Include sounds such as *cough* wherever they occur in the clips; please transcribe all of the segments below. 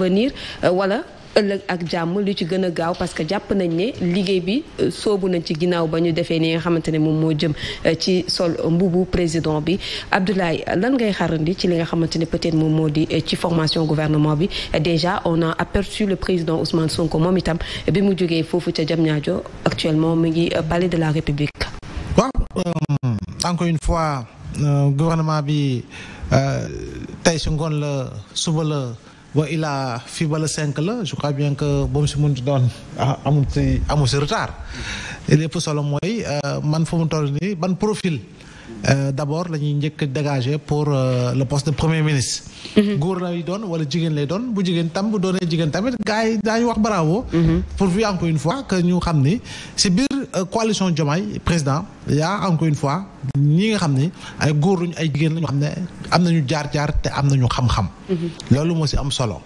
parvenir euh, wala ëllëg ak jàmm lu ci gën a gaaw parce que jàpp nañ ne liggéey bi euh, soobu nañ ci ginnaaw ba ñu defee ni nga xamante ne moom moo jëm euh, ci sol mbubu président bi Abdoulaye lan ngay xarandi ci li nga xamante ne peut-être moom moo di ci formation gouvernement bi déjà on a aperçu le président Ousmane Sonko moom itam bi mu jógee foofu ca Diamniadio actuellement mu ngi palais de la République. waaw encore une fois gouvernement bi tey su ngoon la suba la. ba il a fii ba le cinq la je crois bien que ba mu si mënti doon ah, amul si amul si retard lépp solo mooy euh, man fu mu toll nii ban profil euh, d'abord la ñuy njëkk dégager pour euh, la poste de premier ministre. Mhm. góor yi doon wala jigéen lay doon bu jigéen tam bu doonee jigéen tamit gars yi daañu wax bravo. Mhm. pour vu encore une fois que ñu xam ni si biir Euh, coalition Diomaye président yaa encore une fois ñi nga xam ne ay góor lañu ay jigéen lañu xam ne am na ñu jaar-jaar te am nañu xam-xam. Mhm. loolu moo ci am solo.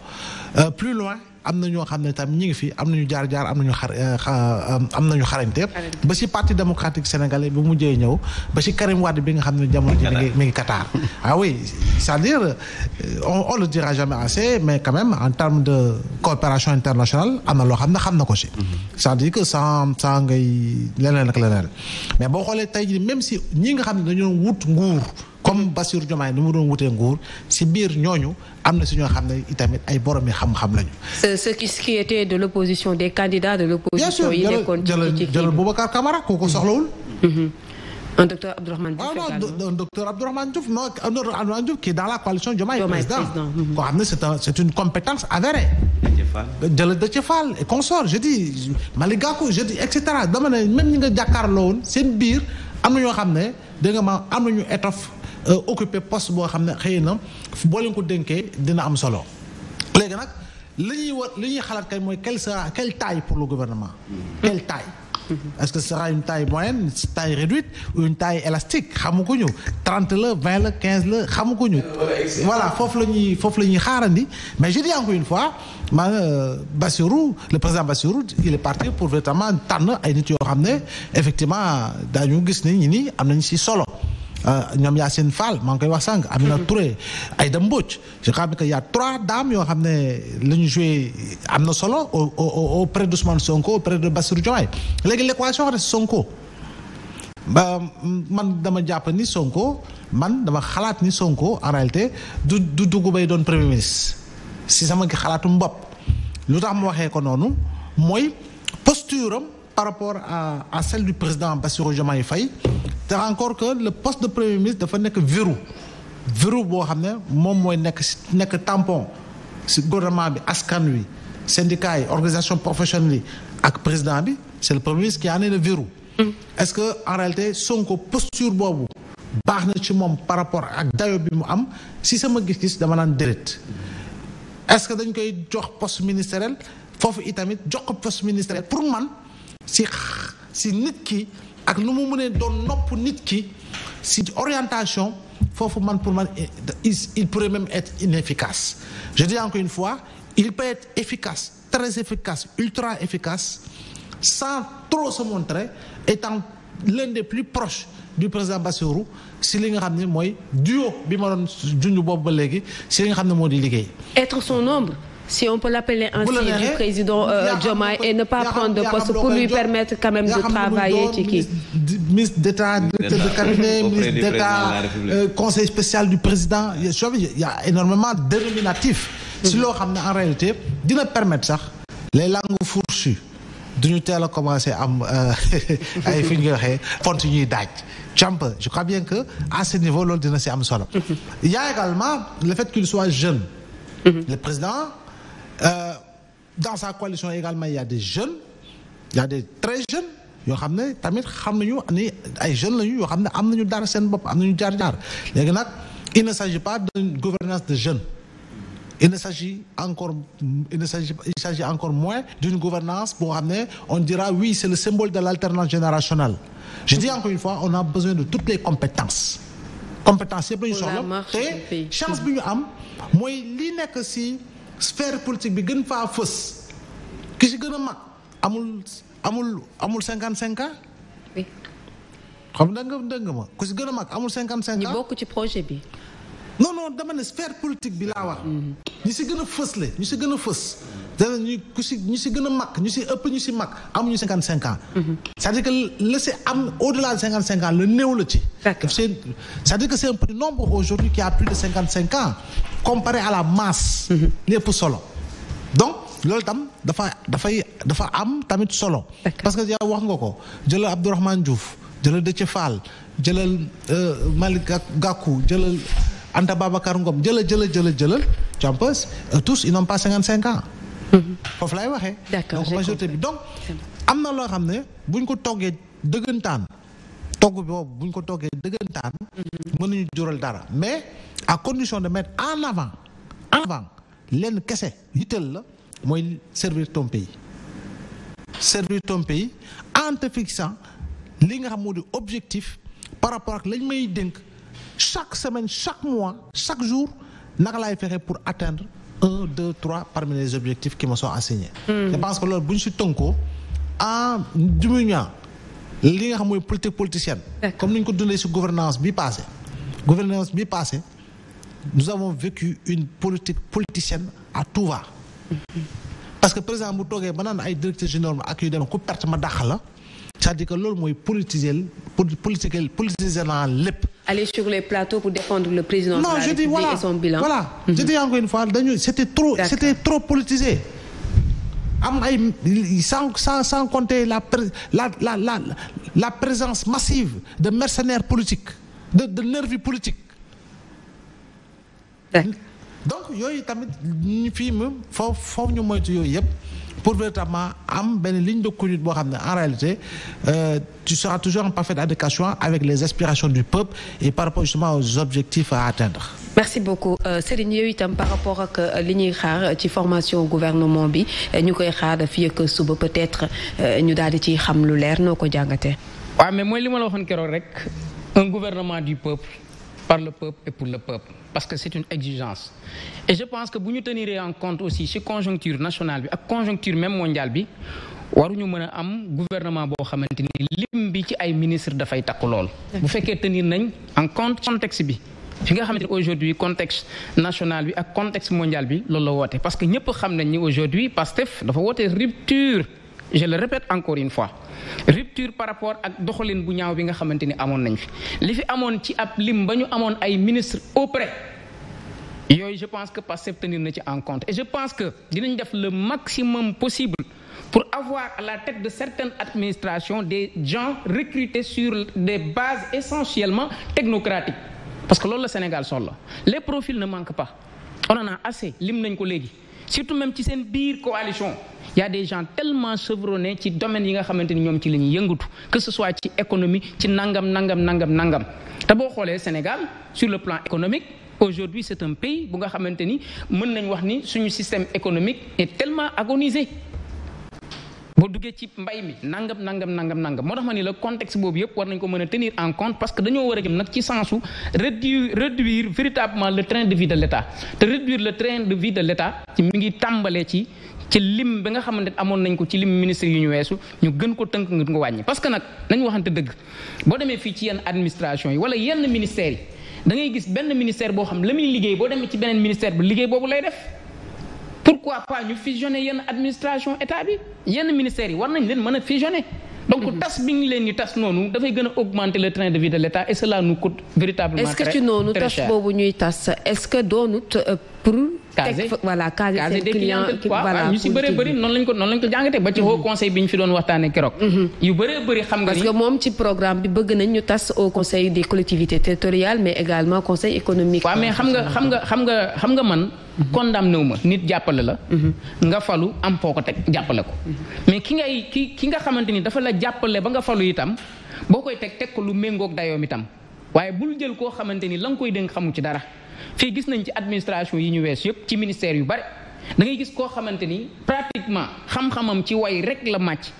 Euh, plus loin am na ñoo xam ne tam ñi ngi fi am nañu jaar jaar am nañu xar euh, am na ñu xarañte ba ci parti démocratique sénégalais bi mu mujjee ñëw ba ci Karim Wade bi nga xam ne jamono ji mi ngi mi ngi Qatar *laughs* ah oui c'est-à-dire euh, mais quand même en terme de coopération internationale am na loo xam ne xam na ko si mhm. sa à dire que sans sans ngay leneen ak leneen mais boo xoolee tey même si ñi nga xam ne dañoo wut nguur comme Bassirou Diomaye ni mu doon wutee nguur si biir ñooñu am na si ñoo xam ne itamit ay borom mi xam-xam lañu. ce ce qui était de l'opposition des candidats de l'opposition yi nekkoon ci kii jëlal Boubacar Camara kooku soxlawul. Mm-hmm. un docteur Abdourahmane Diouf ah non un docteur Abdourahmane Diouf non un docteur Abdourahmane Diouf qui est dans la coalition Diomaye président mm-hmm. koo xam ne c'est un c'est une compétence avérée. jëlal Déthié Fall et consort je dis Malick Gakou je dis et ñi nga jàkkaarloo woon seen biir am na ñoo xam ne dégg ma am na nañu étoffe. Euh, occuper poste boo xam ne xëy na boo leen ko dénkee dina am solo léegi nag li ñuy war li ñuy xalaat kay mooy quel sera quelle taille pour le gouvernement. quelle taille. est-ce que ce sera une taille moyenne taille réduite ou une taille élastique xamu ko ñu trente la vingt la quinze la xamu ku ñu. voilà foofu la ñuy foofu la ñuy xaarandi mais je dis encore une fois ma euh, Bassirou le président Bassirou il est parti pour véritablement tànn ay nit yoo xam ne effectivement daañu gis ne ñi nii am nañ si solo. Euh, ñoom yaa seen Fall maa ngi koy wax sànq. Amina mhm. Touré Aïda Mbodj je crois que y a trois dames yoo xam ne lañu ñu am na solo au au auprès d'Ousmane Sonko auprès de Bassirou Diomaye léegi l'équation reste Sonko. ba man dama jàpp ni Sonko man dama xalaat ni Sonko en réalité du du dugg bay doon premier ministre si sama xalaatu mbopp lu taxam mu waxee ko noonu mooy posture am par rapport à à celle du président Bassirou Diomaye fay te encore que le post de premier ministre dafa nekk verrou verrou boo xam ne moom mooy nekk nekk tampon si gouvernement bi askan wi syndicat yi organisation professionnelle yi ak président bi c'est le premier ministre qui en est le mm-hmm. est-ce que en réalité Sonko posture boobu baax na ci moom par rapport ak dayo bi mu am si sama gis-gis dama naan déret est-ce que dañ koy jox poste ministériel foofu itamit jox ko poste ministériel pour man si nit ki ak nu mu mënee doon nopp nit ki si orientation foofu man pour man il pourrait même être inefficace je en encore une fois il peut être efficace très efficace ultra efficace sans trop se montrer étant l'un des plus proches du président Bassirou si li nga xam ne mooy duo bi ma doon junj boobu ba léegi si li nga xam ne moo di liggéey. être son ombre. si on peut l'appeler ainsi du président euh, Diomaye et ne pas prendre de poste pour lui permettre quand même de travailler ci kii euh, conseil spécial du président il y a énormément de nominatifs si mm. loo xam ne en réalité dina permettre sax les langues fourchues duñu teel a commencé am euh, *laughs* ay fi ñu koy waxee pont ñuy daaj jàmp je crois bien que à ce niveau loolu dina si am solo mm-hmm. il y a également le fait qu'il soit jeune mm-hmm. le président Euh, dans sa coalition également il y a des jeunes il y a des très jeunes yoo xam ne tamit xam nañu ni ay jeunes la lañu yoo xam ne am nañu dara seen bopp am nañu jaar-jaar léegi nag il ne s'agit pas d'une gouvernance de jeunes il ne s'agit encore il ne s'agit il s'agit encore moins d'une gouvernance boo xam ne on dira oui c'est le symbole de l'alternance générationnelle je dis encore une fois on a besoin de toutes les compétences compétences chance bi ñu am sphère politique bi gën faa fës ki si gën a mag amul amul amul cinquante cinq ans. oui. xam nga dégg ma ku si gën a mag amul cinquante cinq ans. ñi bokk ci projet bi. non non dama ne sphère politique bi laa wax. Mm-hmm. ñu si gën a fës le ñu si gën a fës. dana ñu ñu si gën a mag ñu si ëpp ñu si mag amuñu cinquante cinq ans. Mm-hmm. cest à que la ci am au-delà de cinquante cinq ans la néew la ci. cest à que c'est un nombre aujourd'hui qui a plus de cinquante cinq ans. comparé à la masse. Mhm. li solo donc loolu tam dafa dafay dafa am tamit solo. parce que yow wax nga ko jëlal Abdourahmane Diouf jëlal Déthié Fall jëlal euh, Malick Gakou jëlal Anta Babacar Ngom jëlal jëlal jëlal jëlal tu vois euh, tous ils n'ont pas cinquante cinq ans. Mhm. foofu lay waxee. donc bi donc am na loo xam ne buñ ko toggee dëggantaan togg boobu buñ ko toggee dëggantaan. Mhm. mën nañu jural dara mais. à condition de mettre en avant en avant lenn kese yitteel la mooy servir ton pays servir ton pays en fixant li nga xam moo di objectif par rapport ak lañ may dénk chaque semaine chaque mois chaque jour naka lay fexe pour atteindre un deux trois parmi les objectifs qui me sont assignés. Hmm. je pense que loolu bu si tënkoo en ah, diminuant li nga xam mooy politique politicienne. comme ni ñu ko dundee si gouvernance bi passé gouvernance bi passé nous avons vécu une politique politicienne à tout va parce que président bu toogee ba naan ay directeur général ak yu demee ku perte ma dàq la c'est-à-dire que loolu mooy politiser politiser pour défendre le président. non je dis voilà voilà. Mhm. je dis encore une fois dañu c'était trop c'était trop politisé. am ay sans sans sans compter la la la la la présence massive de mercenaires politiques de de nervis politiques. donc yooyu tamit ñu fii moom foofu foofu ñu moytu yooyu yëpp pour véritablement am benn ligne de conduite boo xam ne en réalité euh, tu seras toujours en parfaite adéquation avec les aspirations du peuple et par rapport justement aux objectifs à atteindre. merci beaucoup euh, Serigne yow itam par rapport ak euh, li ñuy xaar ci formation gouvernement bi euh, ñu koy xaar fii ak suba peut-être ñu daal di ciy xam lu leer noo ko jàngatee. waaw mais mooy li ma la waxoon keroog rek un gouvernement par le peuple et pour le parce que c'est une exigence et je pense que bu ñu tenir en compte aussi ci conjoncture nationale bi ak conjoncture même mondiale bi waruñu mën a am gouvernement boo xamante ni lim bi ci ay ministre dafay takku lool bu fekkee tenir nañ en compte contexte bi fi nga xamante ni aujourd'hui contexte national bi ak contexte mondial bi loolu woote parce que ñëpp xam nañ ni aujourd'hui Pastef dafa woote rupture je le répète encore une fois rupture par rapport ak doxalin bu ñaaw bi nga xamante ni amoon nañ fi li fi amoon ci ab lim ba ñu amoon ay ministre auprès yooyu je pense que Pastef tenir na ci en compte et je pense que dinañ def le maximum possible pour avoir à la tête de certaines administrations des gens recrutés sur des bases essentiellement technocratiques parce que loolu la Sénégal soxla les profils ne manquent pas on a assez lim nañ ko léegi surtout même ci seen biir coalition y a des gens tellement chevronnés ci domaine yi nga xamante ni ñoom ci la ñuy yëngatu que ce soit ci économie ci nangam nangam nangam nangam te boo xoolee Sénégal sur le plan économique aujourd'hui c'est un pays bu nga xamante ni mën nañ wax ni suñu système économique et tellement agoniser boo duggee ci mbay mi nangam nangam nangam nangam moo tax ma ni la contexte boobu yëpp war nañ ko mën tenir en compte parce que dañoo war a jëm nag ci sensu réduire réduire véritablement le train de vie de l' état te réduire le train de vie de l' état ci mi ngi tàmbalee ci ci lim bi nga xamante amoon nañ ko ci lim ministre yu ñu weesu ñu gën ko tënk nga ko wàññi parce que nag nañ waxante dëgg boo demee fii ci yenn administration yi wala yenn ministères yi da ngay gis boo xam la muy liggéey boo demee ci beneen pourquoi pas ñu fusionner yenn administration état bi yenn ministères yi war nañ leen mën a fusionner. donc mhm. tas bi ñu leen di tas noonu dafay gën a augmenter le train de vie de l' état et cela nous coûte véritablement. très que ci noonu tas boobu ñuy tas est ce que doonut euh, pour caser voilà caser seen client voilà ñu si bëree bëri noonu lañ ko noonu lañ ko jàngatee ba ci mm-hmm. haut conseil bi ñu fi doon waxtaanee keroog. Mm-hmm. yu bëree bëri xam nga moom ci programme bi bëgg nañ ñu tas au conseil des collectivités territoriales mais également conseil économique. waaw mais xam nga xam nga xam nga xam nga man. Mm-hmm. condamné wu ma nit jàppale la. nga falu am foo ko teg jàppale ko. mais ki ngay ki ki nga xamante ni dafa la jàppale ba nga falu itam boo koy teg teg ko lu méngoog dayoom itam waaye bul jël koo xamante ni la nga koy dénk xamu ci dara fii gis nañ ci administration yi ñu wees yëpp ci ministère yu bari da ngay gis koo xamante ni pratiquement xam-xamam ci way rek la màcc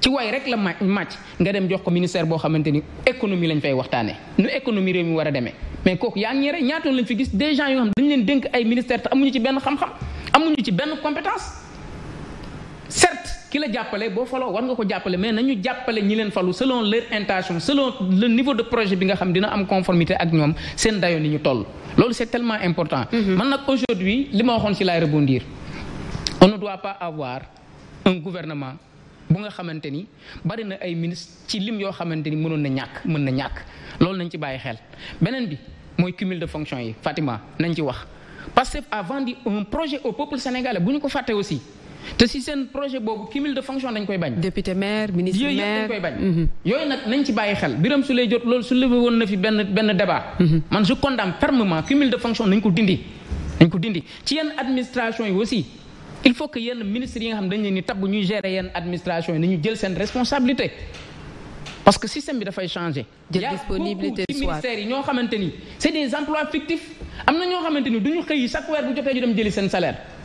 ci way rek la màcc nga dem jox ko ministère boo xamante ni économie lañ fay waxtaane nu économie réew mi war a demee mais kooku yaa ngi rek ñaatoon lañ fi gis des gens yoo xam dañu leen dénk ay ministère te amuñu ci benn xam-xam amuñu ci benn compétence certes ki la jàppale boo faloo war nga ko jàppale mais nañu jàppale ñi leen falu selon leur intention selon le niveau de projet bi nga xam dina am conformité ak ñoom seen dayo ni ñu toll loolu c'est tellement important mm-hmm. man nag aujourd'hui li ma waxoon ci laay rebondir on ne doit pas avoir un gouvernement bu nga xamante ni bari na ay ministre ci lim yoo xamante ni mënoon na ñàkk mën na ñàkk loolu nañ ci bàyyi xel beneen bi mooy cumul de fonction yi Fatima nañ ci wax Pastef a vendu un projet au peuple sénégalais bu ñu ko fàtte aussi te si seen projet boobu cumul de fonction dañ koy bañ. député maire ministre maire yooyu yëpp mhm. xel biram su lay jot loolu su na benn benn débat. Mhm. man je condamne fermement cumul de fonction dindi. nañ ko dindi ci yenn yi aussi il yenn ministres yi nga xam dañ leen ni tabb ñuy gérer yenn administration yi nañu jël seen responsabilité. parce que dafay changer. jël disponibilité ci ministères yi ñoo xamante ni c'est des emplois fictifs am na ñoo xamante ni du ñu xëy chaque weer bu jotee ñu dem jëli seen salaire.